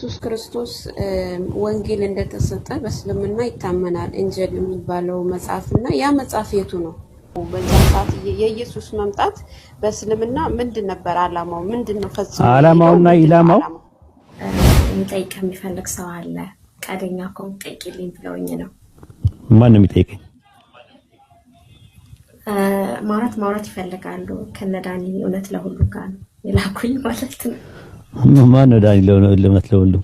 ኢየሱስ ክርስቶስ ወንጌል እንደተሰጠ በእስልምና ይታመናል እንጀል የሚባለው መጽሐፍ እና ያ መጽሐፍ የቱ ነው? በዛ ሰዓት የኢየሱስ መምጣት በእስልምና ምንድን ነበር አላማው? ምንድን ነው ፈጽሞ አላማውና ኢላማው? የሚጠይቅ የሚፈልግ ሰው አለ። ቀደኛ ከሆንክ ጠይቂልኝ ብለውኝ ነው። ማን ነው የሚጠይቀኝ? ማውራት ማውራት ይፈልጋሉ። ከነዳኒ እውነት ለሁሉ ጋር ነው የላኩኝ ማለት ነው ማን ነው ዳኒ? ለእውነት ለወሉ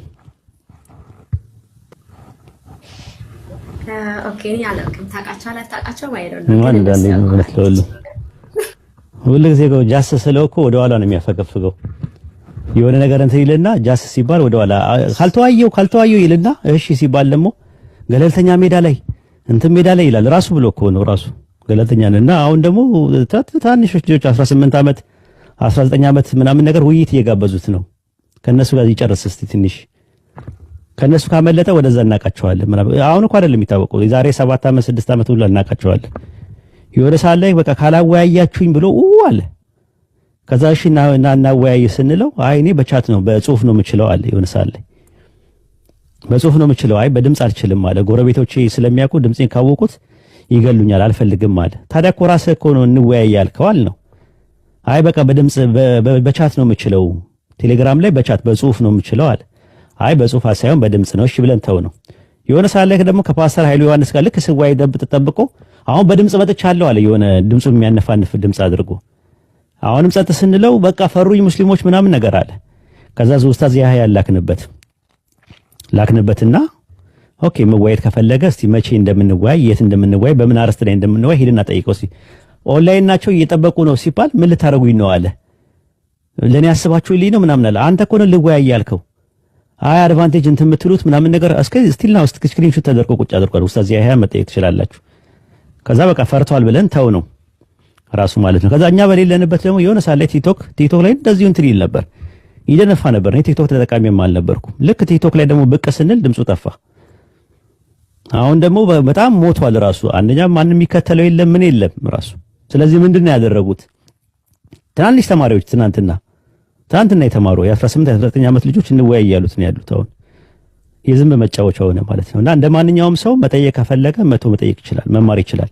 ለወሉ ሁሉ ጃስ ስለው እኮ ወደ ኋላ ነው የሚያፈገፍገው። የሆነ ነገር እንትን ይልና ጃስ ሲባል ወደ ኋላ ካልተዋየው ካልተዋየው ይልና እሺ ሲባል ደግሞ ገለልተኛ ሜዳ ላይ እንትን ሜዳ ላይ ይላል። ራሱ ብሎ እኮ ነው ራሱ ገለልተኛ እና አሁን ደግሞ ታንሾች ልጆች 18 ዓመት 19 ዓመት ምናምን ነገር ውይይት እየጋበዙት ነው። ከነሱ ጋር ይጨርስ እስቲ ትንሽ ከእነሱ ካመለጠ ወደዛ እናቃቸዋለን ምናምን። አሁን እኮ አይደለም የሚታወቀው የዛሬ ሰባት ዓመት ስድስት ዓመት ሁሉ እናቃቸዋለን። የሆነ ሰዓት ላይ በቃ ካላወያያችሁኝ ብሎ ኡ አለ። ከዛ እሺ እና እናወያይ ስንለው አይ እኔ በቻት ነው በጽሁፍ ነው የምችለው አለ። የሆነ ሰዓት ላይ በጽሁፍ ነው የምችለው አይ በድምፅ አልችልም አለ። ጎረቤቶቼ ስለሚያውቁ ድምፄን ካወቁት ይገሉኛል አልፈልግም አለ። ታዲያ እኮ ራስህ እኮ ነው እንወያይ ያልከዋል ነው። አይ በቃ በድምፅ በቻት ነው የምችለው ቴሌግራም ላይ በቻት በጽሁፍ ነው የምችለው አለ። አይ በጽሁፍ ሳይሆን በድምጽ ነው እሺ ብለን ተው ነው። የሆነ ሰዓት ላይ ደግሞ ከፓስተር ኃይሉ ዮሐንስ ጋር ልክ ስዋይ ደብጥ ተጠብቆ አሁን በድምጽ መጥቻለሁ አለ። የሆነ ድምጹ የሚያነፋንፍ ድምጽ አድርጎ አሁንም ጸጥ ስንለው በቃ ፈሩኝ ሙስሊሞች ምናምን ነገር አለ። ከዛ ኡስታዝ ያህያ ላክንበት ላክንበትና ኦኬ መወያየት ከፈለገ እስቲ መቼ እንደምንወያይ የት እንደምንወያይ በምን አርስት ላይ እንደምንወያይ ሂድና ጠይቀው። ኦንላይን ናቸው እየጠበቁ ነው ሲባል ምን ልታደርጉኝ ነው አለ። ለእኔ ያስባችሁልኝ ነው ምናምን አለ። አንተ እኮ ነው ልወያይ ያልከው። አይ አድቫንቴጅ እንትን የምትሉት ምናምን ነገር እስከ ስቲል ናው እስከ ሹት ተደርጎ ቁጭ አድርጓል። ኡስታዝ ያህያ መጠየቅ ትችላላችሁ። ከዛ በቃ ፈርቷል ብለን ተው ነው ራሱ ማለት ነው። ከዛ እኛ በሌለንበት ደግሞ የሆነ ሳለ ቲክቶክ ቲክቶክ ላይ እንደዚሁ እንትን ይል ነበር ይደነፋ ነበር። እኔ ቲክቶክ ተጠቃሚም አልነበርኩም። ልክ ቲክቶክ ላይ ደግሞ ብቅ ስንል ድምፁ ጠፋ። አሁን ደግሞ በጣም ሞቷል ራሱ። አንደኛ ማንም የሚከተለው የለም ምን የለም ራሱ። ስለዚህ ምንድን ነው ያደረጉት ትናንሽ ተማሪዎች ትናንትና ትናንትና የተማሩ የ18 19 ዓመት ልጆች እንወያይ ያሉት ነው ያሉት። አሁን የዝንብ መጫወቻ ሆነ ማለት ነው። እና እንደ ማንኛውም ሰው መጠየቅ ከፈለገ መቶ መጠየቅ ይችላል፣ መማር ይችላል።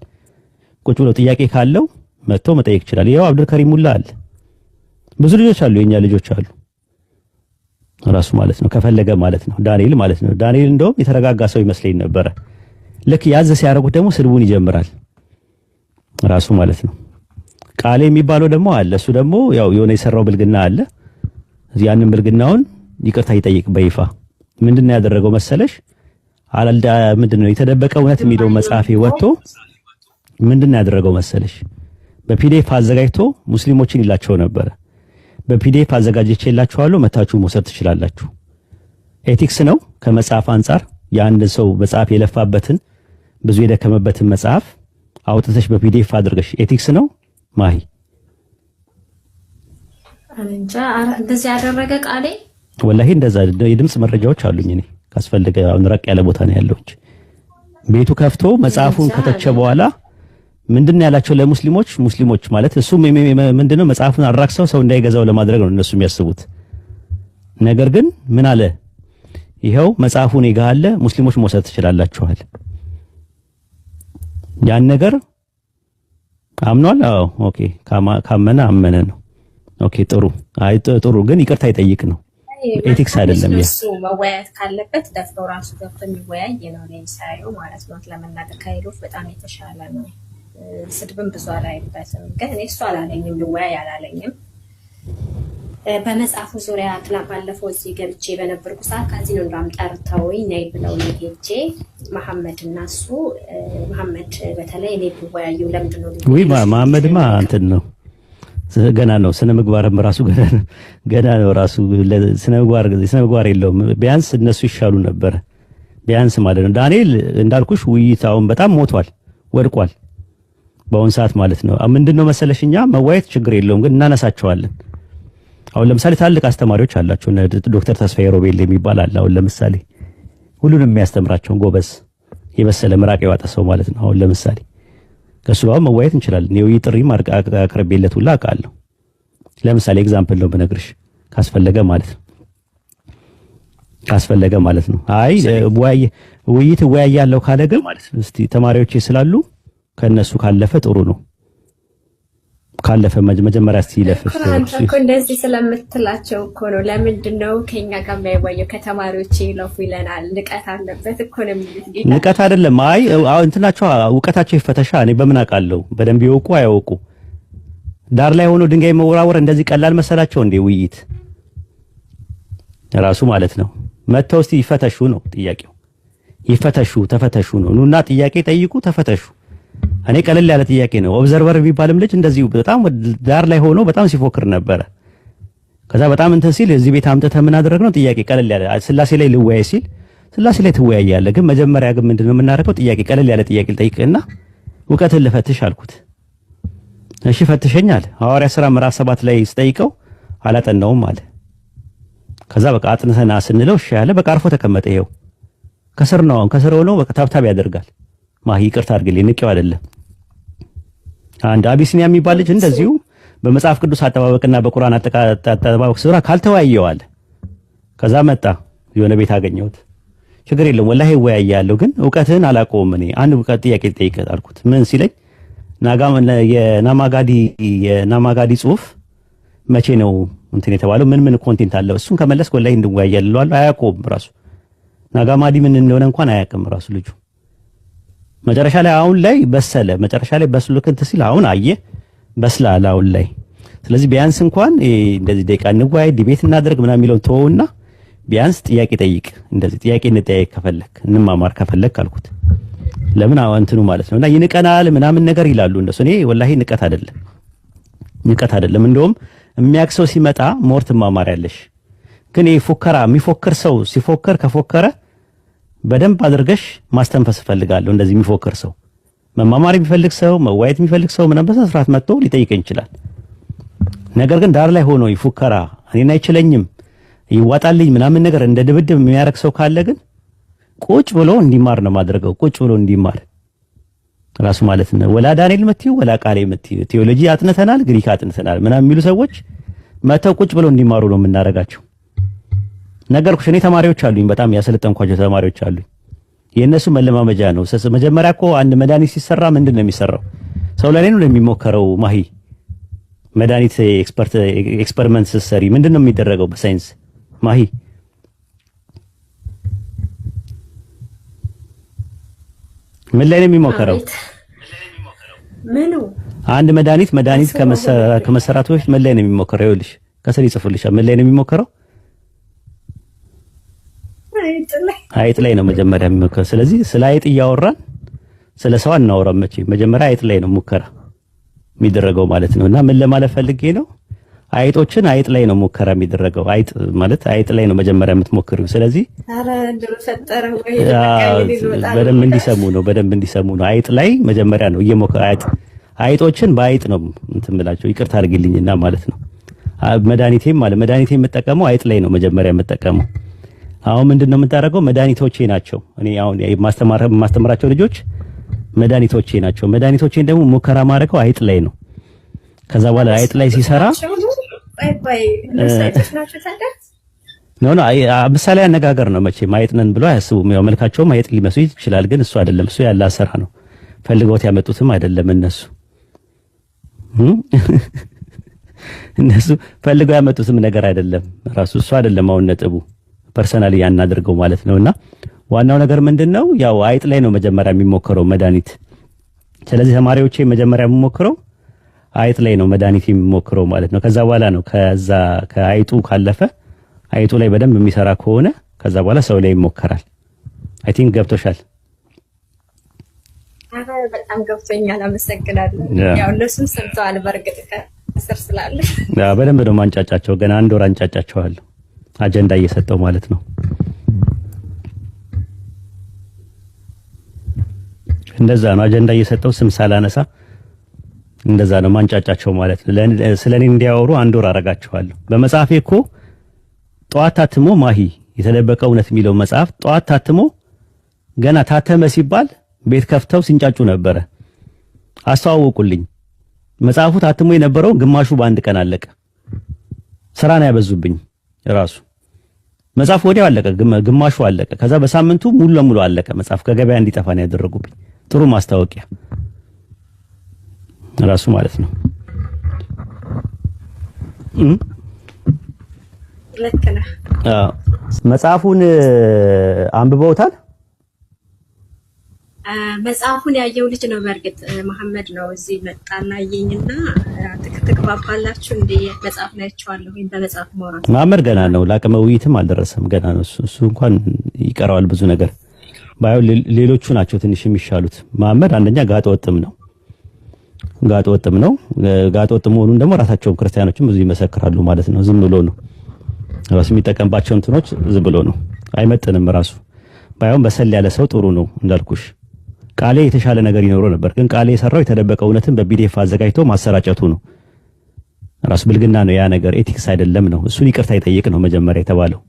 ቁጭ ብሎ ጥያቄ ካለው መቶ መጠየቅ ይችላል። ይኸው አብዱል ከሪም ሙላ አለ፣ ብዙ ልጆች አሉ፣ የኛ ልጆች አሉ። ራሱ ማለት ነው ከፈለገ ማለት ነው ዳንኤል ማለት ነው። ዳንኤል እንደውም የተረጋጋ ሰው ይመስለኝ ነበረ። ልክ ያዘ ሲያደርጉት ደግሞ ስድቡን ይጀምራል ራሱ ማለት ነው። ቃሌ የሚባለው ደግሞ አለ። እሱ ደግሞ ያው የሆነ የሰራው ብልግና አለ ያንን ብልግናውን ይቅርታ ይጠይቅ በይፋ ምንድን ነው ያደረገው መሰለሽ አላልዳ ምንድን ነው የተደበቀ እውነት የሚለው መጽሐፍ ወጥቶ ምንድን ነው ያደረገው መሰለሽ በፒዲኤፍ አዘጋጅቶ ሙስሊሞችን ይላቸው ነበረ። በፒዲኤፍ አዘጋጅቼላችኋለሁ መታችሁ መውሰድ ትችላላችሁ። ኤቲክስ ነው ከመጽሐፍ አንጻር የአንድ ሰው መጽሐፍ የለፋበትን ብዙ የደከመበትን መጽሐፍ አውጥተሽ በፒዲኤፍ አድርገሽ ኤቲክስ ነው ማሂ እንደዚህ ያደረገ ቃሌ ወላሂ እንደዛ የድምፅ መረጃዎች አሉኝ። እኔ ካስፈለገ አሁን ራቅ ያለ ቦታ ነው ያለሁት። ቤቱ ከፍቶ መጽሐፉን ከተቸ በኋላ ምንድን ነው ያላቸው ለሙስሊሞች ሙስሊሞች ማለት እሱ ምንድነው መጽሐፉን አራክሰው ሰው እንዳይገዛው ለማድረግ ነው እነሱ የሚያስቡት። ነገር ግን ምን አለ ይኸው መጽሐፉን ይጋለ ሙስሊሞች መውሰድ ትችላላችኋል። ያን ነገር አምኗል። አዎ ኦኬ፣ ካመነ አመነ ነው ኦኬ ጥሩ። አይ ጥሩ ግን ይቅርታ ይጠይቅ ነው ኤቲክስ አይደለም። ያ እሱ መወያየት ካለበት ደፍሮ ራሱ ገብቶ የሚወያይ ነው ነው የሚሳየው ማለት ነው። ለመናገር ከሌሎች በጣም የተሻለ ነው። ስድብም ብዙ አላይበትም። ግን እኔ እሱ አላለኝም ልወያይ አላለኝም። በመጽሐፉ ዙሪያ ትናንት ባለፈው እዚህ ገብቼ በነበርኩ ሰዓት ከዚህ ነው ራም ጠርተውኝ ነይ ብለው ነው ሄጄ መሐመድ እና እሱ መሐመድ በተለይ እኔ ልወያዩ ለምንድነው ወይ መሐመድማ እንትን ነው ገና ነው። ስነ ምግባርም ራሱ ገና ነው። ራሱ ስነ ምግባር ስነ ምግባር የለውም። ቢያንስ እነሱ ይሻሉ ነበር ቢያንስ ማለት ነው። ዳንኤል እንዳልኩሽ ውይይት አሁን በጣም ሞቷል፣ ወድቋል። በአሁን ሰዓት ማለት ነው። ምንድን ነው መሰለሽ እኛ መዋየት ችግር የለውም ግን እናነሳቸዋለን። አሁን ለምሳሌ ትላልቅ አስተማሪዎች አላቸው። ዶክተር ተስፋዬ ሮቤል የሚባል አለ። አሁን ለምሳሌ ሁሉንም የሚያስተምራቸውን ጎበዝ የበሰለ ምራቅ የዋጠ ሰው ማለት ነው። አሁን ለምሳሌ ከእሱ ጋር መወያየት እንችላለን። የውይይት ጥሪ አቅርቤለት ሁላ አውቃለሁ። ለምሳሌ ኤግዛምፕል ነው ብነግርሽ ካስፈለገ ማለት ነው ካስፈለገ ማለት ነው። አይ ውይይት እወያያለሁ ካለ ግን እስቲ ተማሪዎች ስላሉ ከእነሱ ካለፈ ጥሩ ነው ካለፈ መጀመሪያ እስኪ እንደዚህ ስለምትላቸው እኮ ነው። ለምንድን ነው ከኛ ጋር የማይዋየው? ከተማሪዎች ይለፉ ይለናል። ንቀት አለበት እኮ ነው የሚሉት። ንቀት አይደለም። አይ እንትናቸው እውቀታቸው ይፈተሻ። እኔ በምን አውቃለሁ? በደንብ ይወቁ አያወቁ። ዳር ላይ ሆኖ ድንጋይ መወራወር እንደዚህ ቀላል መሰላቸው እንዴ? ውይይት ራሱ ማለት ነው። መተው እስኪ ይፈተሹ ነው ጥያቄው። ይፈተሹ ተፈተሹ ነው። ኑና ጥያቄ ጠይቁ፣ ተፈተሹ እኔ ቀለል ያለ ጥያቄ ነው። ኦብዘርቨር የሚባልም ልጅ እንደዚሁ በጣም ዳር ላይ ሆኖ በጣም ሲፎክር ነበረ። ከዛ በጣም እንትን ሲል እዚህ ቤት አምጥተህ ምን ነው ጥያቄ ቀለል ያለ ስላሴ ላይ ልወያይ ሲል ስላሴ ላይ ትወያያለ ግን መጀመሪያ ግን ምንድነው የምናደርገው? ጥያቄ ቀለል ያለ ጥያቄ ልጠይቅና እውቀትን ልፈትሽ አልኩት። እሺ ፈትሸኝ ሐዋርያ ሥራ ምዕራፍ ሰባት ላይ ስጠይቀው አላጠናውም አለ። ከዛ በቃ አጥንተና ስንለው እሺ በቃ አርፎ ተቀመጠ። ይኸው ከስር ነው ከስር ሆኖ በቃ ታብታብ ያደርጋል። ማህ ይቅርታ አድርግልኝ፣ ንቄው አይደለም። አንድ አቢሲኒያ የሚባል ልጅ እንደዚሁ በመጽሐፍ ቅዱስ አጠባበቅና በቁርአን አጠባበቅ ስራ ካልተወያየዋል። ከዛ መጣ የሆነ ቤት አገኘሁት። ችግር የለም ወላሂ እወያያለሁ፣ ግን እውቀትህን አላውቀውም። እኔ አንድ እውቀት ጥያቄ ልጠይቅ አልኩት። ምን ሲለኝ የናማጋዲ የናማጋዲ ጽሁፍ መቼ ነው እንትን የተባለው? ምን ምን ኮንቴንት አለው? እሱን ከመለስ ወላሂ እንወያያለን እለዋለሁ። አያውቀውም ራሱ ናጋማዲ ምን እንደሆነ እንኳን አያውቅም ራሱ ልጁ መጨረሻ ላይ አሁን ላይ በሰለ መጨረሻ ላይ በስሎ ክንት ሲል አሁን አየ በስላል አሁን ላይ ስለዚህ ቢያንስ እንኳን እንደዚህ ደቂቃ እንወያይ ዲቤት እናደርግ ምናምን የሚለውን ተወውና ቢያንስ ጥያቄ ጠይቅ እንደዚህ ጥያቄ እንጠያየቅ ከፈለክ እንማማር ከፈለክ አልኩት ለምን እንትኑ ማለት ነውና ይንቀናል ምናምን ነገር ይላሉ እንደሱ እኔ ወላሂ ንቀት አይደለም ንቀት አይደለም እንደውም የሚያክሰው ሲመጣ ሞር ትማማር ያለሽ ግን ይሄ ፉከራ የሚፎክር ሰው ሲፎከር ከፎከረ በደንብ አድርገሽ ማስተንፈስ እፈልጋለሁ። እንደዚህ የሚፎክር ሰው መማማር የሚፈልግ ሰው መዋየት የሚፈልግ ሰው ምናምን በስነ ስርዓት መጥቶ ሊጠይቀኝ ይችላል። ነገር ግን ዳር ላይ ሆኖ ይፉከራ እኔን አይችለኝም ይዋጣልኝ ምናምን ነገር እንደ ድብድብ የሚያደርግ ሰው ካለ ግን ቁጭ ብሎ እንዲማር ነው ማድረገው። ቁጭ ብሎ እንዲማር ራሱ ማለት ነው። ወላ ዳንኤል መትዩ ወላ ቃሌ መትዩ ቴዎሎጂ አጥንተናል፣ ግሪክ አጥንተናል ምናምን የሚሉ ሰዎች መተው ቁጭ ብሎ እንዲማሩ ነው የምናደርጋቸው። ነገርኩሽ። እኔ ተማሪዎች አሉኝ፣ በጣም ያሰለጠንኳቸው ተማሪዎች አሉኝ። የእነሱ መለማመጃ ነው። መጀመሪያ እኮ አንድ መድኃኒት ሲሰራ ምንድን ነው የሚሰራው? ሰው ላይ ነው የሚሞከረው። ማሂ መድኃኒት ኤክስፐርት ኤክስፐሪመንት ስትሰሪ ምንድን ነው የሚደረገው? በሳይንስ ማሂ ምን ላይ ነው የሚሞከረው? አንድ መድኃኒት መድኃኒት ከመሰራቱ በፊት ምን ላይ ነው የሚሞከረው? ይኸውልሽ ከስር ይጽፉልሻል። ምን ላይ ነው የሚሞከረው? አይጥ ላይ ነው መጀመሪያ የሚሞከረው። ስለዚህ ስለ አይጥ እያወራን ስለ ሰው አናወራም። መቼ መጀመሪያ አይጥ ላይ ነው ሙከራ የሚደረገው ማለት ነው። እና ምን ለማለት ፈልጌ ነው? አይጦችን አይጥ ላይ ነው ሙከራ የሚደረገው። አይጥ ማለት አይጥ ላይ ነው መጀመሪያ የምትሞክሪው። ስለዚህ በደንብ እንዲሰሙ ነው፣ በደንብ እንዲሰሙ ነው። አይጥ ላይ መጀመሪያ ነው እየሞከረ አይጥ አይጦችን በአይጥ ነው እንትን ብላቸው ይቅርታ አድርግልኝና ማለት ነው መድኃኒቴም ማለት መድኃኒቴ የምጠቀመው አይጥ ላይ ነው መጀመሪያ የምጠቀመው አሁን ምንድን ነው የምታደርገው? መድኃኒቶቼ ናቸው። እኔ አሁን የማስተምራቸው ልጆች መድኃኒቶቼ ናቸው። መድኃኒቶቼን ደግሞ ሙከራ ማድረገው አይጥ ላይ ነው። ከዛ በኋላ አይጥ ላይ ሲሰራ ነው ምሳሌ አነጋገር ነው። መቼም አይጥ ነን ብሎ አያስቡም። ያው መልካቸውም አይጥ ሊመስሉ ይችላል፣ ግን እሱ አይደለም። እሱ ያለ አሰራ ነው። ፈልገውት ያመጡትም አይደለም እነሱ እነሱ ፈልገው ያመጡትም ነገር አይደለም። ራሱ እሱ አይደለም አሁን ነጥቡ ፐርሰናሊ ያናደርገው ማለት ነው። እና ዋናው ነገር ምንድን ነው? ያው አይጥ ላይ ነው መጀመሪያ የሚሞክረው መድኃኒት። ስለዚህ ተማሪዎቼ መጀመሪያ የሚሞክረው አይጥ ላይ ነው መድኃኒት የሚሞክረው ማለት ነው። ከዛ በኋላ ነው ከዛ ከአይጡ ካለፈ አይጡ ላይ በደንብ የሚሰራ ከሆነ ከዛ በኋላ ሰው ላይ ይሞከራል። አይ ቲንክ ገብቶሻል። በጣም ገብቶኛል። አመሰግናለሁ። ያው እነሱም ሰምተዋል። በእርግጥ ከስር ስላለ በደንብ ነው አንጫጫቸው ገና አንድ ወር አንጫጫቸዋለሁ። አጀንዳ እየሰጠው ማለት ነው። እንደዛ ነው አጀንዳ እየሰጠው ስም ሳላነሳ እንደዛ ነው ማንጫጫቸው ማለት ነው። ስለኔ እንዲያወሩ አንድ ወር አረጋችኋለሁ። በመጽሐፌ እኮ ጠዋት ታትሞ ማሂ የተደበቀ እውነት የሚለው መጽሐፍ ጠዋት ታትሞ ገና ታተመ ሲባል ቤት ከፍተው ሲንጫጩ ነበረ። አስተዋወቁልኝ። መጽሐፉ ታትሞ የነበረው ግማሹ በአንድ ቀን አለቀ። ስራ ነው ያበዙብኝ። ራሱ መጽሐፍ ወዲያው አለቀ፣ ግማሹ አለቀ። ከዛ በሳምንቱ ሙሉ ለሙሉ አለቀ። መጽሐፍ ከገበያ እንዲጠፋ ነው ያደረጉብኝ። ጥሩ ማስታወቂያ ራሱ ማለት ነው። መጽሐፉን አንብበውታል። መጽሐፉን ያየው ልጅ ነው። በእርግጥ መሐመድ ነው እዚህ መጣና አየኝና ትግባባላችሁ እንደ መጽሐፍ ናያቸዋለሁ ወይም በመጽሐፍ ማውራት መሐመድ ገና ነው። ለአቅመ ውይይትም አልደረሰም ገና ነው። እሱ እንኳን ይቀረዋል ብዙ ነገር ባዩ። ሌሎቹ ናቸው ትንሽ የሚሻሉት። መሐመድ አንደኛ ጋጠ ወጥም ነው፣ ጋጠ ወጥም ነው። ጋጠ ወጥ መሆኑን ደግሞ ራሳቸውም ክርስቲያኖችም ብዙ ይመሰክራሉ ማለት ነው። ዝም ብሎ ነው ራሱ የሚጠቀምባቸው እንትኖች ዝም ብሎ ነው፣ አይመጥንም ራሱ ባይሆን በሰል ያለ ሰው ጥሩ ነው እንዳልኩሽ ቃሌ የተሻለ ነገር ይኖረው ነበር። ግን ቃሌ የሰራው የተደበቀ እውነትን በፒዲኤፍ አዘጋጅቶ ማሰራጨቱ ነው። ራሱ ብልግና ነው። ያ ነገር ኤቲክስ አይደለም ነው። እሱን ይቅርታ ይጠይቅ ነው መጀመሪያ የተባለው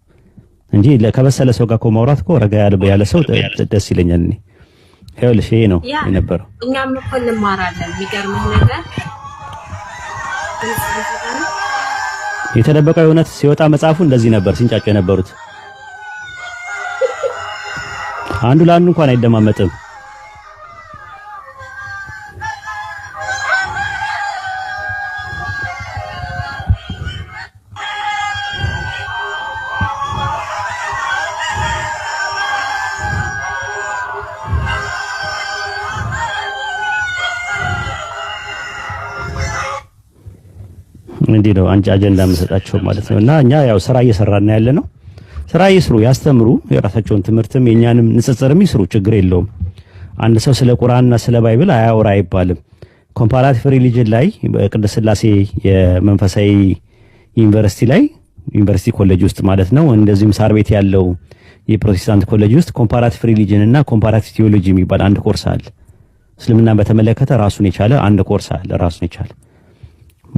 እንጂ ከበሰለ ሰው ጋር እኮ ማውራት እኮ ረጋ ያለ ሰው ደስ ይለኛል። እኔ ይኸውልሽ ይሄ ነው የነበረው። እኛም እኮ እንማራለን። የሚገርምህ ነገር የተደበቀው እውነት ሲወጣ መጽሐፉ እንደዚህ ነበር ሲንጫጩ የነበሩት አንዱ ለአንዱ እንኳን አይደማመጥም። እንዲህ ነው አጀንዳ የምሰጣቸው ማለት ነው። እና እኛ ያው ስራ እየሰራን ያለ ነው። ስራ ይስሩ፣ ያስተምሩ፣ የራሳቸውን ትምህርትም የእኛንም ንጽጽርም ይስሩ፣ ችግር የለውም። አንድ ሰው ስለ ቁርአንና ስለ ባይብል አያወራ አይባልም። ኮምፓራቲቭ ሪሊጅን ላይ በቅድስት ስላሴ የመንፈሳዊ ዩኒቨርሲቲ ላይ ዩኒቨርሲቲ ኮሌጅ ውስጥ ማለት ነው። እንደዚሁም ሳር ቤት ያለው የፕሮቴስታንት ኮሌጅ ውስጥ ኮምፓራቲቭ ሪሊጅን እና ኮምፓራቲቭ ቲዮሎጂ የሚባል አንድ ኮርስ አለ። እስልምና በተመለከተ ራሱን የቻለ አንድ ኮርስ አለ ራሱን የቻለ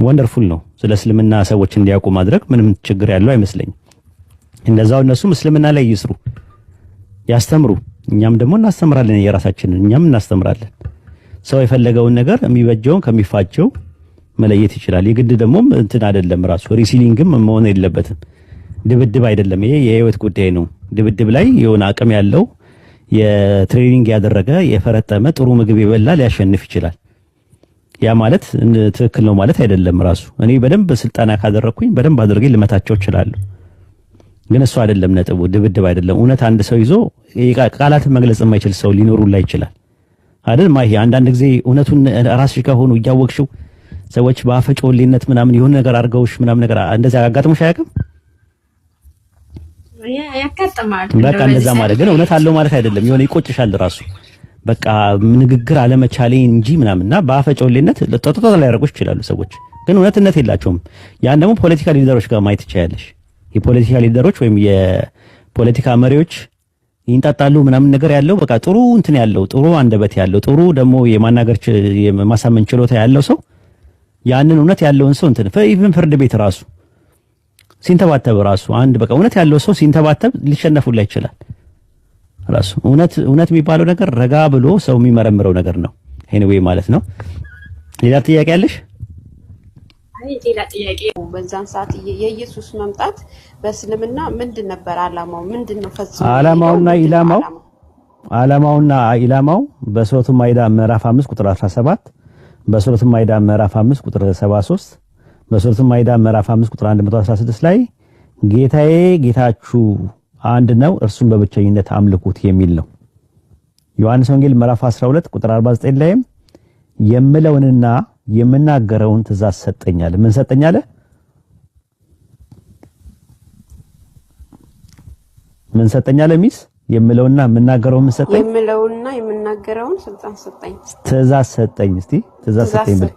ወንደርፉል ነው። ስለ እስልምና ሰዎች እንዲያውቁ ማድረግ ምንም ችግር ያለው አይመስለኝም። እንደዛው እነሱም እስልምና ላይ ይስሩ፣ ያስተምሩ። እኛም ደግሞ እናስተምራለን፣ የራሳችንን እኛም እናስተምራለን። ሰው የፈለገውን ነገር የሚበጀውን ከሚፋቸው መለየት ይችላል። የግድ ደግሞ እንትን አይደለም ራሱ ሪሲሊንግም መሆን የለበትም። ድብድብ አይደለም፣ ይሄ የህይወት ጉዳይ ነው። ድብድብ ላይ የሆነ አቅም ያለው የትሬኒንግ ያደረገ የፈረጠመ ጥሩ ምግብ የበላ ሊያሸንፍ ይችላል። ያ ማለት ትክክል ነው ማለት አይደለም። ራሱ እኔ በደንብ ስልጠና ካደረኩኝ በደንብ አድርጌ ልመታቸው እችላለሁ። ግን እሱ አይደለም ነጥቡ፣ ድብድብ አይደለም። እውነት አንድ ሰው ይዞ ቃላትን መግለጽ የማይችል ሰው ሊኖሩ ላይ ይችላል አይደል? ማሂ አንዳንድ ጊዜ እውነቱን ራስሽ ከሆኑ እያወቅሽው ሰዎች በአፈጮሌነት ምናምን የሆነ ነገር አድርገውሽ ምናምን ነገር እንደዚያ አጋጥሞሽ አያውቅም? በቃ እንደዛ ማለት ግን እውነት አለው ማለት አይደለም። የሆነ ይቆጭሻል ራሱ በቃ ንግግር አለመቻሌ እንጂ ምናምንና በአፈጮሌነት ጦጦ ሊያደርጉ ይችላሉ ሰዎች፣ ግን እውነትነት የላቸውም። ያን ደግሞ ፖለቲካ ሊደሮች ጋር ማየት ይቻያለሽ። የፖለቲካ ሊደሮች ወይም የፖለቲካ መሪዎች ይንጣጣሉ ምናምን ነገር ያለው በቃ ጥሩ እንትን ያለው ጥሩ አንደበት ያለው ጥሩ ደግሞ የማናገር የማሳመን ችሎታ ያለው ሰው ያንን እውነት ያለውን ሰው እንትን ኢቭን ፍርድ ቤት ራሱ ሲንተባተብ ራሱ አንድ በቃ እውነት ያለው ሰው ሲንተባተብ ሊሸነፉላ ይችላል። ራሱ እውነት እውነት የሚባለው ነገር ረጋ ብሎ ሰው የሚመረምረው ነገር ነው። ኤኒዌይ ማለት ነው። ሌላ ጥያቄ አለሽ? ሌላ ጥያቄ በዛን ሰዓት የኢየሱስ መምጣት በእስልምና ምንድን ነበር አላማው? ምንድን ነው ፈጽሞ አላማውና ኢላማው አላማውና ኢላማው በሱረቱ ማይዳ ምዕራፍ 5 ቁጥር 17 በሱረቱ ማይዳ ምዕራፍ 5 ቁጥር 73 በሱረቱ ማይዳ ምዕራፍ 5 ቁጥር 116 ላይ ጌታዬ ጌታችሁ አንድ ነው፣ እርሱን በብቸኝነት አምልኩት የሚል ነው። ዮሐንስ ወንጌል ምዕራፍ 12 ቁጥር 49 ላይም የምለውንና የምናገረውን ትእዛዝ ሰጠኛል። ምን ሰጠኛል? ምን ሰጠኛል? ሚስ የምለውና የምናገረው ምን ሰጠኝ? የምለውና የምናገረውን ስልጣን ሰጠኝ፣ ትእዛዝ ሰጠኝ። እስቲ ትእዛዝ ሰጠኝ ብል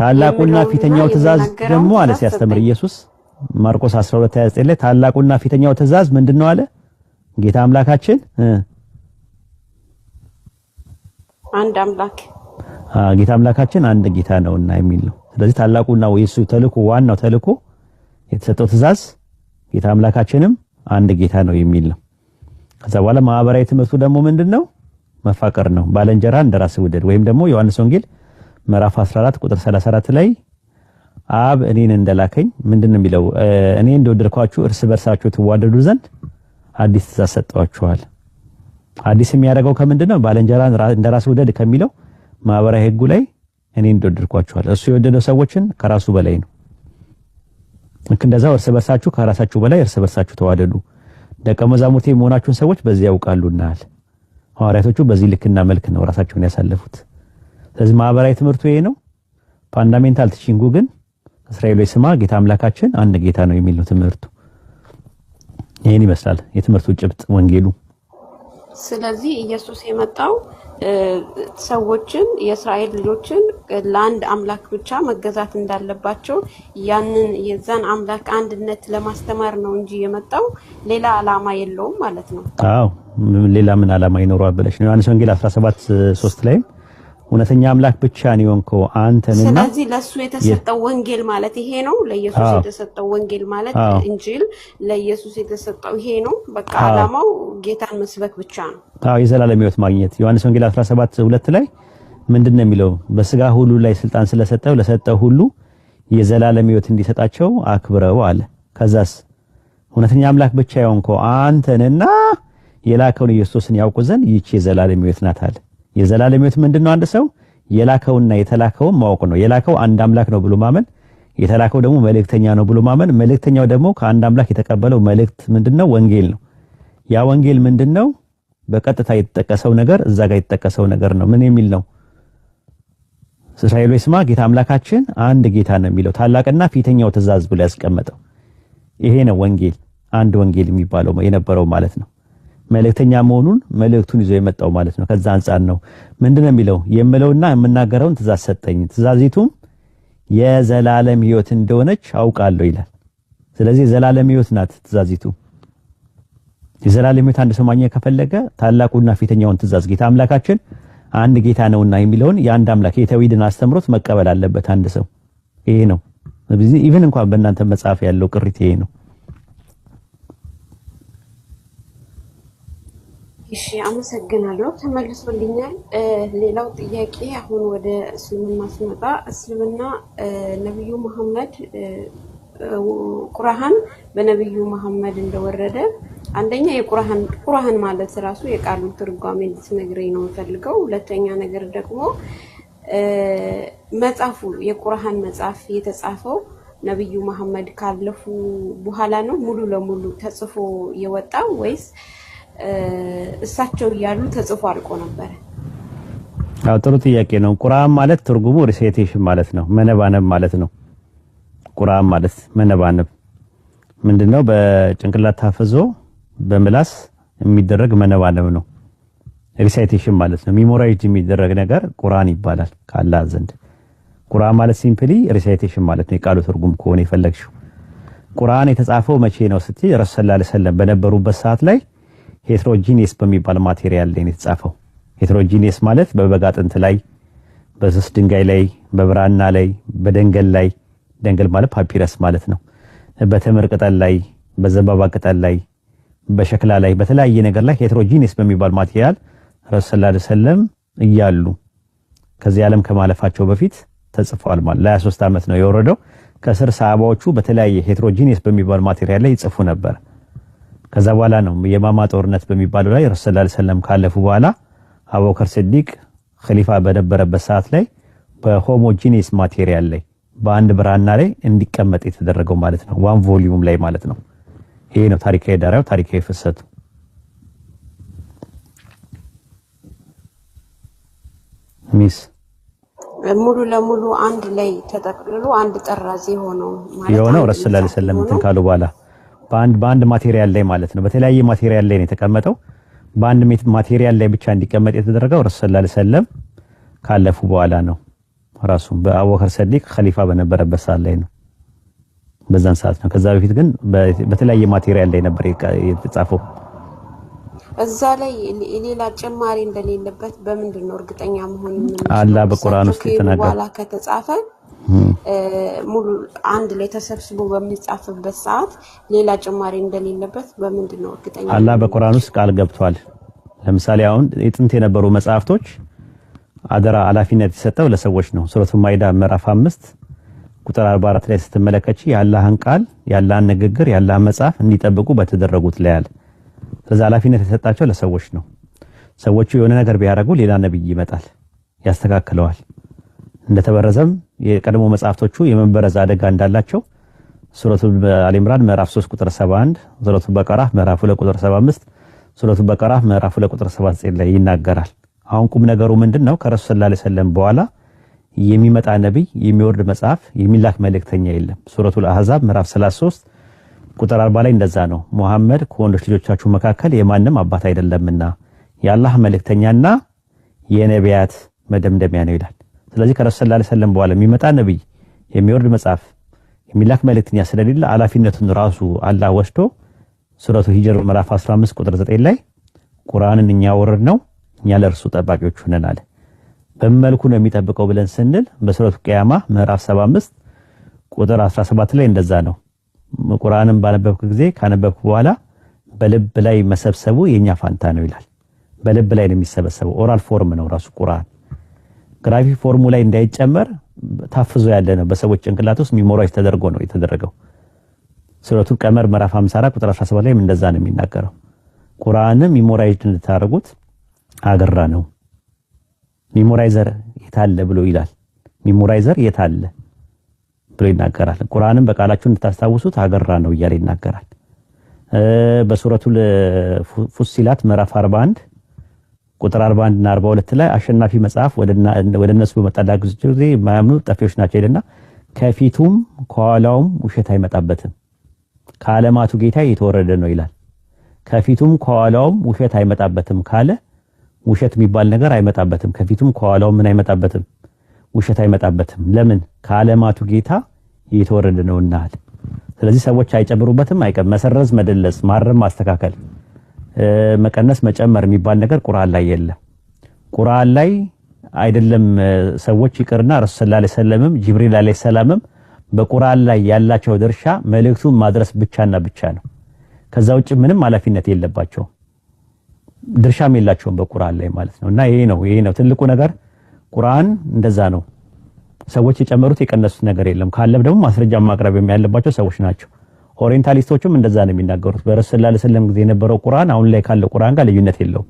ታላቁና ፊተኛው ትእዛዝ ደግሞ አለ ሲያስተምር ኢየሱስ ማርቆስ 29 ላይ ታላቁና ፊተኛው ትእዛዝ ምንድነው አለ ጌታ አምላካችን አንድ አምላክ ጌታ አምላካችን አንድ ጌታ ነውና የሚል ነው። ስለዚህ ታላቁና የእሱ ተልኮ ዋናው ተልኮ የተሰጠው ትእዛዝ ጌታ አምላካችንም አንድ ጌታ ነው የሚል ነው። ከዛ በኋላ ማህበራዊ ትምህርቱ ደግሞ ምንድነው? መፋቀር ነው። ባለንጀራ እንደራስ ውደድ ወይም ደግሞ ዮሐንስ ወንጌል ምዕራፍ 14 ቁጥር 34 ላይ አብ እኔን እንደላከኝ ምንድን ነው የሚለው? እኔ እንደወደድኳችሁ እርስ በርሳችሁ ትዋደዱ ዘንድ አዲስ ትእዛዝ ሰጠዋችኋል። አዲስ የሚያደርገው ከምንድን ነው? ባልንጀራን እንደራስ ውደድ ከሚለው ማህበራዊ ህጉ ላይ እኔ እንደወደድኳችኋል። እሱ የወደደው ሰዎችን ከራሱ በላይ ነው። ልክ እንደዛው እርስ በርሳችሁ ከራሳችሁ በላይ እርስ በርሳችሁ ተዋደዱ፣ ደቀ መዛሙርቴ መሆናችሁን ሰዎች በዚህ ያውቃሉናል። ሐዋርያቶቹ በዚህ ልክና መልክ ነው ራሳቸውን ያሳለፉት። ስለዚህ ማህበራዊ ትምህርቱ ይሄ ነው። ፋንዳሜንታል ቲቺንጉ ግን እስራኤሎች ስማ ጌታ አምላካችን አንድ ጌታ ነው የሚል ነው ትምህርቱ። ይህን ይመስላል የትምህርቱ ጭብጥ ወንጌሉ። ስለዚህ ኢየሱስ የመጣው ሰዎችን የእስራኤል ልጆችን ለአንድ አምላክ ብቻ መገዛት እንዳለባቸው ያንን የዛን አምላክ አንድነት ለማስተማር ነው እንጂ የመጣው ሌላ ዓላማ የለውም ማለት ነው። አዎ ሌላ ምን ዓላማ ይኖረዋል ብለሽ ነው። ዮሐንስ ወንጌል 17 3 ላይም እውነተኛ አምላክ ብቻ ነው የሆንከው አንተንና። ስለዚህ ለሱ የተሰጠው ወንጌል ማለት ይሄ ነው። ለኢየሱስ የተሰጠው ወንጌል ማለት እንጂል ለኢየሱስ የተሰጠው ይሄ ነው። በቃ አላማው ጌታን መስበክ ብቻ ነው። አዎ የዘላለም ሕይወት ማግኘት ዮሐንስ ወንጌል 17 ሁለት ላይ ምንድን ነው የሚለው? በስጋ ሁሉ ላይ ስልጣን ስለሰጠው ለሰጠው ሁሉ የዘላለም ሕይወት እንዲሰጣቸው አክብረው አለ። ከዛስ እውነተኛ አምላክ ብቻ የሆንከው አንተንና የላከውን ኢየሱስን ያውቁ ዘንድ ይቺ የዘላለም ሕይወት ናት አለ። የዘላለም ሕይወት ምንድነው? አንድ ሰው የላከውና የተላከውን ማወቅ ነው። የላከው አንድ አምላክ ነው ብሎ ማመን፣ የተላከው ደግሞ መልእክተኛ ነው ብሎ ማመን፣ መልእክተኛው ደግሞ ከአንድ አምላክ የተቀበለው መልእክት ምንድነው? ወንጌል ነው። ያ ወንጌል ምንድነው? በቀጥታ የተጠቀሰው ነገር እዛ ጋር የተጠቀሰው ነገር ነው። ምን የሚል ነው? እስራኤል ስማ፣ ጌታ አምላካችን አንድ ጌታ ነው የሚለው ታላቅና ፊተኛው ትእዛዝ ብሎ ያስቀመጠው ይሄ ነው። ወንጌል አንድ ወንጌል የሚባለው የነበረው ማለት ነው። መልእክተኛ መሆኑን መልእክቱን ይዞ የመጣው ማለት ነው። ከዛ አንጻር ነው ምንድነው የሚለው የምለውና የምናገረውን ትእዛዝ ሰጠኝ፣ ትእዛዚቱም የዘላለም ህይወት እንደሆነች አውቃለሁ ይላል። ስለዚህ የዘላለም ህይወት ናት ትእዛዚቱ። የዘላለም ህይወት አንድ ሰው ማግኘት ከፈለገ ታላቁና ፊተኛውን ትእዛዝ ጌታ አምላካችን አንድ ጌታ ነውና የሚለውን የአንድ አምላክ የተውሂድን አስተምሮት መቀበል አለበት አንድ ሰው። ይሄ ነው ኢቭን እንኳን በእናንተ መጽሐፍ ያለው ቅሪት ይሄ ነው። እሺ አመሰግናለሁ። ተመልሶልኛል። ሌላው ጥያቄ አሁን ወደ እስልምና ስመጣ እስልምና ነቢዩ መሐመድ ቁርአን በነቢዩ መሐመድ እንደወረደ አንደኛ የቁርአን ቁርአን ማለት ራሱ የቃሉ ትርጓሜ እንድትነግረኝ ነው የምፈልገው። ሁለተኛ ነገር ደግሞ መጽሐፉ የቁርአን መጽሐፍ የተጻፈው ነቢዩ መሐመድ ካለፉ በኋላ ነው ሙሉ ለሙሉ ተጽፎ የወጣው ወይስ እሳቸው እያሉ ተጽፎ አልቆ ነበረ። አዎ ጥሩ ጥያቄ ነው። ቁርአን ማለት ትርጉሙ ሪሳይቴሽን ማለት ነው፣ መነባነብ ማለት ነው። ቁርአን ማለት መነባነብ ምንድነው? በጭንቅላት ታፈዞ በምላስ የሚደረግ መነባነብ ነው። ሪሳይቴሽን ማለት ነው። ሚሞራይዝ የሚደረግ ነገር ቁርአን ይባላል ካላ ዘንድ። ቁርአን ማለት ሲምፕሊ ሪሳይቴሽን ማለት ነው፣ የቃሉ ትርጉም ከሆነ የፈለግሽው። ቁርአን የተጻፈው መቼ ነው ስትይ ረሱል ሰለላሁ ዐለይሂ ወሰለም በነበሩበት ሰዓት ላይ ሄትሮጂኒየስ በሚባል ማቴሪያል ላይ ነው የተጻፈው። ሄትሮጂኒየስ ማለት በበጋ አጥንት ላይ፣ በስስ ድንጋይ ላይ፣ በብራና ላይ፣ በደንገል ላይ ደንገል ማለት ፓፒረስ ማለት ነው። በተምር ቅጠል ላይ፣ በዘንባባ ቅጠል ላይ፣ በሸክላ ላይ፣ በተለያየ ነገር ላይ ሄትሮጂኒየስ በሚባል ማቴሪያል ረሱ ሰለም እያሉ ከዚህ ዓለም ከማለፋቸው በፊት ተጽፏል ማለት ለ23 ዓመት ነው የወረደው። ከስር ሰሃባዎቹ በተለያየ ሄትሮጂኒየስ በሚባል ማቴሪያል ላይ ይጽፉ ነበር። ከዛ በኋላ ነው የማማ ጦርነት በሚባለው ላይ ረሱል ሰለላሁ ዐለይሂ ወሰለም ካለፉ በኋላ አቡበከር ስዲቅ ኸሊፋ በነበረበት ሰዓት ላይ በሆሞጂኒየስ ማቴሪያል ላይ በአንድ ብራና ላይ እንዲቀመጥ የተደረገው ማለት ነው። ዋን ቮሊዩም ላይ ማለት ነው። ይሄ ነው ታሪካዊ ዳራው፣ ታሪካዊ ፍሰቱ። ሚስ ሙሉ ለሙሉ አንድ ላይ ተጠቅልሎ አንድ ጠራዝ የሆነው ማለት ነው። ረሱል ሰለላሁ ዐለይሂ ወሰለም እንትን ካሉ በኋላ በአንድ በአንድ ማቴሪያል ላይ ማለት ነው። በተለያየ ማቴሪያል ላይ ነው የተቀመጠው። በአንድ ማቴሪያል ላይ ብቻ እንዲቀመጥ የተደረገው ረሱል ሰለም ካለፉ በኋላ ነው። ራሱ በአቡበከር ሰዲቅ ኸሊፋ በነበረበት ሰዓት ላይ ነው። በዛን ሰዓት ነው። ከዛ በፊት ግን በተለያየ ማቴሪያል ላይ ነበር የተጻፈው። እዛ ላይ ሌላ ጭማሪ እንደሌለበት በምንድን ነው እርግጠኛ መሆን? አላህ በቁርአን ውስጥ የተናገረው ከተጻፈ ሙሉ አንድ ላይ ተሰብስቦ በሚጻፍበት ሰዓት ሌላ ጭማሪ እንደሌለበት በምንድን ነው እርግጠኛ? አላህ በቁርአን ውስጥ ቃል ገብቷል። ለምሳሌ አሁን የጥንት የነበሩ መጽሐፍቶች አደራ ኃላፊነት የሰጠው ለሰዎች ነው። ሱረቱ ማይዳ ምዕራፍ 5 ቁጥር 44 ላይ ስትመለከች የአላህን ቃል የአላህን ንግግር የአላህን መጽሐፍ እንዲጠብቁ በተደረጉት ላይ አለ። ስለዚህ ኃላፊነት የሰጣቸው ለሰዎች ነው። ሰዎቹ የሆነ ነገር ቢያደርጉ ሌላ ነብይ ይመጣል፣ ያስተካክለዋል። እንደተበረዘም የቀድሞ መጽሐፍቶቹ የመበረዝ አደጋ እንዳላቸው ሱረቱ አልኢምራን ምዕራፍ 3 ቁጥር 71፣ ሱረቱ በቀራ ምዕራፍ 2 ቁጥር 75፣ ሱረቱ በቀራ ምዕራፍ 2 ቁጥር 79 ላይ ይናገራል። አሁን ቁም ነገሩ ምንድን ነው? ከረሱል ሰለላሁ ዐለይሂ ወሰለም በኋላ የሚመጣ ነቢይ፣ የሚወርድ መጽሐፍ፣ የሚላክ መልእክተኛ የለም። ሱረቱ አህዛብ ምዕራፍ 33 ቁጥር 40 ላይ እንደዛ ነው። ሙሐመድ ከወንዶች ልጆቻችሁ መካከል የማንም አባት አይደለምና የአላህ መልእክተኛና የነቢያት መደምደሚያ ነው ይላል። ስለዚህ ከረሱ ሰለላሁ ዐለይሂ ወሰለም በኋላ የሚመጣ ነብይ የሚወርድ መጽሐፍ የሚላክ መልእክተኛ ስለሌለ ኃላፊነቱን ራሱ አላህ ወስዶ ሱረቱ ሂጅር ምዕራፍ 15 ቁጥር 9 ላይ ቁርአንን እኛ ወረድ ነው እኛ ለእርሱ ጠባቂዎች ሆነን አለ። በመልኩ ነው የሚጠብቀው ብለን ስንል በሱረቱ ቅያማ ምዕራፍ 75 ቁጥር 17 ላይ እንደዛ ነው። ቁርአንን ባነበብኩ ጊዜ ካነበብኩ በኋላ በልብ ላይ መሰብሰቡ የኛ ፋንታ ነው ይላል። በልብ ላይ ነው የሚሰበሰበው ኦራል ፎርም ነው ራሱ ቁርአን ግራቪቲ ፎርሙ ላይ እንዳይጨመር ታፍዞ ያለ ነው። በሰዎች ጭንቅላት ውስጥ ሚሞራይዝ ተደርጎ ነው የተደረገው። ሱረቱል ቀመር ምዕራፍ 54 ቁጥር 17 ላይም እንደዛ ነው የሚናገረው። ቁርአንም ሚሞራይዝ እንድታደርጉት አገራ ነው። ሚሞራይዘር የታለ ብሎ ይላል። ሚሞራይዘር የታለ ብሎ ይናገራል። ቁርአንም በቃላችሁ እንድታስታውሱት አገራ ነው እያለ ይናገራል። በሱረቱል ፉሲላት ምዕራፍ 41 ቁጥር 41 እና 42 ላይ አሸናፊ መጽሐፍ ወደ እነሱ በመጣላ ጊዜ የማያምኑ ጠፊዎች ናቸው ይልና ከፊቱም ከኋላውም ውሸት አይመጣበትም ከዓለማቱ ጌታ የተወረደ ነው ይላል። ከፊቱም ከኋላውም ውሸት አይመጣበትም ካለ ውሸት የሚባል ነገር አይመጣበትም። ከፊቱም ከኋላውም ምን አይመጣበትም? ውሸት አይመጣበትም። ለምን? ከዓለማቱ ጌታ የተወረደ ነውና። ስለዚህ ሰዎች አይጨምሩበትም። አይቀር መሰረዝ፣ መደለስ፣ ማረም፣ ማስተካከል መቀነስ መጨመር የሚባል ነገር ቁርአን ላይ የለም። ቁርአን ላይ አይደለም ሰዎች ይቅርና ረሱል ሰለላሁ ሰለምም ጅብሪል ዐለይሂ ሰላምም በቁርአን ላይ ያላቸው ድርሻ መልእክቱን ማድረስ ብቻና ብቻ ነው። ከዛ ውጭ ምንም ኃላፊነት የለባቸውም፣ ድርሻም የላቸውም በቁርአን ላይ ማለት ነው። እና ይሄ ነው ይሄ ነው ትልቁ ነገር። ቁርአን እንደዛ ነው። ሰዎች የጨመሩት የቀነሱት ነገር የለም። ካለም ደግሞ ማስረጃ ማቅረብ ያለባቸው ሰዎች ናቸው። ኦሪየንታሊስቶቹም እንደዛ ነው የሚናገሩት። በረሱል ለሰለም ጊዜ የነበረው ቁርአን አሁን ላይ ካለው ቁርአን ጋር ልዩነት የለውም።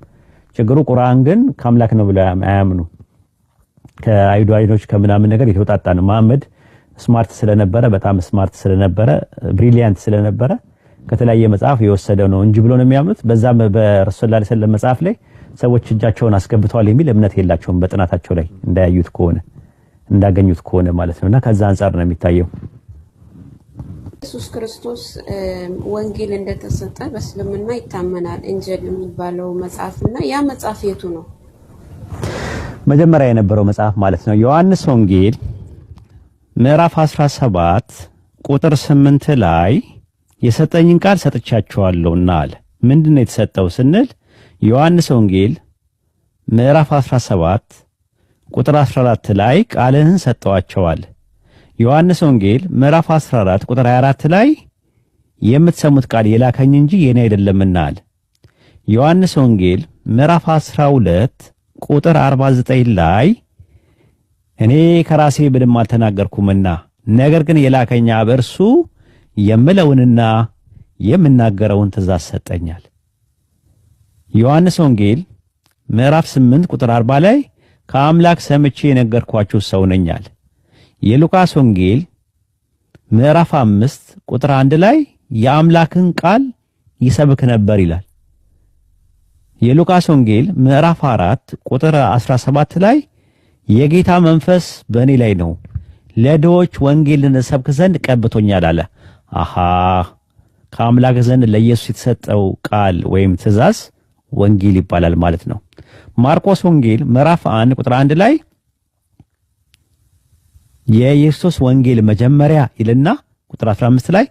ችግሩ ቁርአን ግን ከአምላክ ነው ብለው አያምኑ ከአይዱ አይኖች ከምናምን ነገር የተወጣጣ ነው። መሐመድ ስማርት ስለነበረ በጣም ስማርት ስለነበረ ብሪሊያንት ስለነበረ ከተለያየ መጽሐፍ የወሰደ ነው እንጂ ብሎ ነው የሚያምኑት። በዛም በረሱል ለሰለም መጽሐፍ ላይ ሰዎች እጃቸውን አስገብተዋል የሚል እምነት የላቸውም። በጥናታቸው ላይ እንዳያዩት ከሆነ እንዳገኙት ከሆነ ማለት ነውና ከዛ አንጻር ነው የሚታየው። ኢየሱስ ክርስቶስ ወንጌል እንደተሰጠ በእስልምና ይታመናል። እንጀል የሚባለው መጽሐፍ እና ያ መጽሐፍ የቱ ነው? መጀመሪያ የነበረው መጽሐፍ ማለት ነው። ዮሐንስ ወንጌል ምዕራፍ 17 ቁጥር 8 ላይ የሰጠኝን ቃል ሰጥቻችኋለሁና አለ። ምንድን ነው የተሰጠው ስንል ዮሐንስ ወንጌል ምዕራፍ 17 ቁጥር 14 ላይ ቃልህን ሰጠዋቸዋል ዮሐንስ ወንጌል ምዕራፍ 14 ቁጥር 24 ላይ የምትሰሙት ቃል የላከኝ እንጂ የኔ አይደለምና አለ። ዮሐንስ ወንጌል ምዕራፍ 12 ቁጥር 49 ላይ እኔ ከራሴ ምንም አልተናገርኩምና ነገር ግን የላከኝ አብ እርሱ የምለውንና የምናገረውን ትእዛዝ ሰጠኛል። ዮሐንስ ወንጌል ምዕራፍ 8 ቁጥር 40 ላይ ከአምላክ ሰምቼ የነገርኳችሁ ሰው ነኛል። የሉቃስ ወንጌል ምዕራፍ አምስት ቁጥር አንድ ላይ የአምላክን ቃል ይሰብክ ነበር ይላል። የሉቃስ ወንጌል ምዕራፍ አራት ቁጥር 17 ላይ የጌታ መንፈስ በእኔ ላይ ነው፣ ለድሆች ወንጌልን እሰብክ ዘንድ ቀብቶኛል አለ። አሃ ከአምላክ ዘንድ ለኢየሱስ የተሰጠው ቃል ወይም ትእዛዝ ወንጌል ይባላል ማለት ነው። ማርቆስ ወንጌል ምዕራፍ 1 ቁጥር 1 ላይ የኢየሱስ ወንጌል መጀመሪያ ይልና ቁጥር 15 ላይ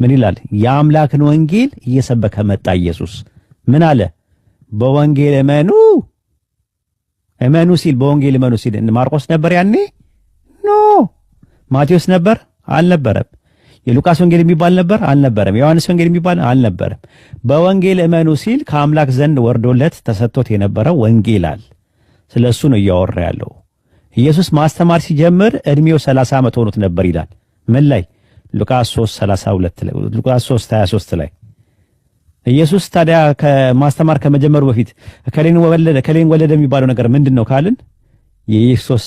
ምን ይላል? የአምላክን ወንጌል እየሰበከ መጣ ኢየሱስ። ምን አለ? በወንጌል እመኑ እመኑ ሲል በወንጌል እመኑ ሲል ማርቆስ ነበር ያኔ? ኖ ማቴዎስ ነበር? አልነበረም። የሉቃስ ወንጌል የሚባል ነበር? አልነበረም። የዮሐንስ ወንጌል የሚባል አልነበረም። በወንጌል እመኑ ሲል ከአምላክ ዘንድ ወርዶለት ተሰጥቶት የነበረው ወንጌል አለ። ስለሱ ነው እያወራ ያለው። ኢየሱስ ማስተማር ሲጀምር እድሜው 30 ዓመት ሆኖት ነበር ይላል። ምን ላይ? ሉቃስ 3 32 ላይ ሉቃስ 3 23 ላይ ኢየሱስ ታዲያ ከማስተማር ከመጀመሩ በፊት ከሌን ወለደ ከሌን ወለደ የሚባለው ነገር ምንድነው ካልን የኢየሱስ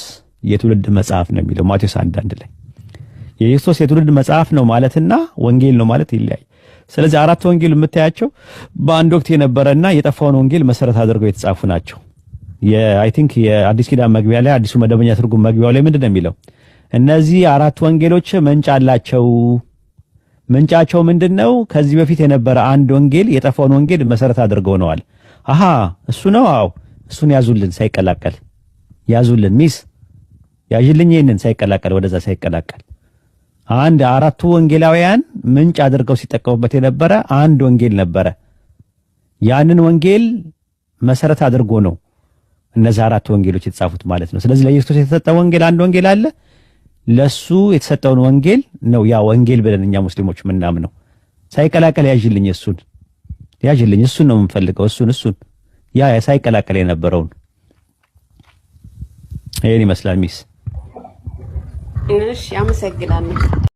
የትውልድ መጽሐፍ ነው የሚለው ማቴዎስ 1 1 ላይ የኢየሱስ የትውልድ መጽሐፍ ነው ማለትና ወንጌል ነው ማለት ይለያይ። ስለዚህ አራት ወንጌል የምታያቸው በአንድ ወቅት የነበረና የጠፋውን ወንጌል መሰረት አድርገው የተጻፉ ናቸው። አይ ቲንክ የአዲስ ኪዳን መግቢያ ላይ አዲሱ መደበኛ ትርጉም መግቢያው ላይ ምንድን ነው የሚለው? እነዚህ አራት ወንጌሎች ምንጭ አላቸው። ምንጫቸው ምንድን ነው? ከዚህ በፊት የነበረ አንድ ወንጌል የጠፋውን ወንጌል መሰረት አድርገው ነዋል። አሀ እሱ ነው። አዎ እሱን ያዙልን፣ ሳይቀላቀል ያዙልን። ሚስ ያዥልኝ ይህንን ሳይቀላቀል ወደዛ ሳይቀላቀል አንድ አራቱ ወንጌላውያን ምንጭ አድርገው ሲጠቀሙበት የነበረ አንድ ወንጌል ነበረ። ያንን ወንጌል መሰረት አድርጎ ነው እነዚህ አራት ወንጌሎች የተጻፉት ማለት ነው። ስለዚህ ለኢየሱስ የተሰጠ ወንጌል አንድ ወንጌል አለ። ለሱ የተሰጠውን ወንጌል ነው ያ ወንጌል ብለን እኛ ሙስሊሞች ነው። ሳይቀላቀል ያዥልኝ፣ እሱን ያዥልኝ፣ እሱን ነው የምንፈልገው። እሱን እሱን ያ ሳይቀላቀል የነበረውን ይህን ይመስላል ሚስ። እሺ፣ አመሰግናለሁ።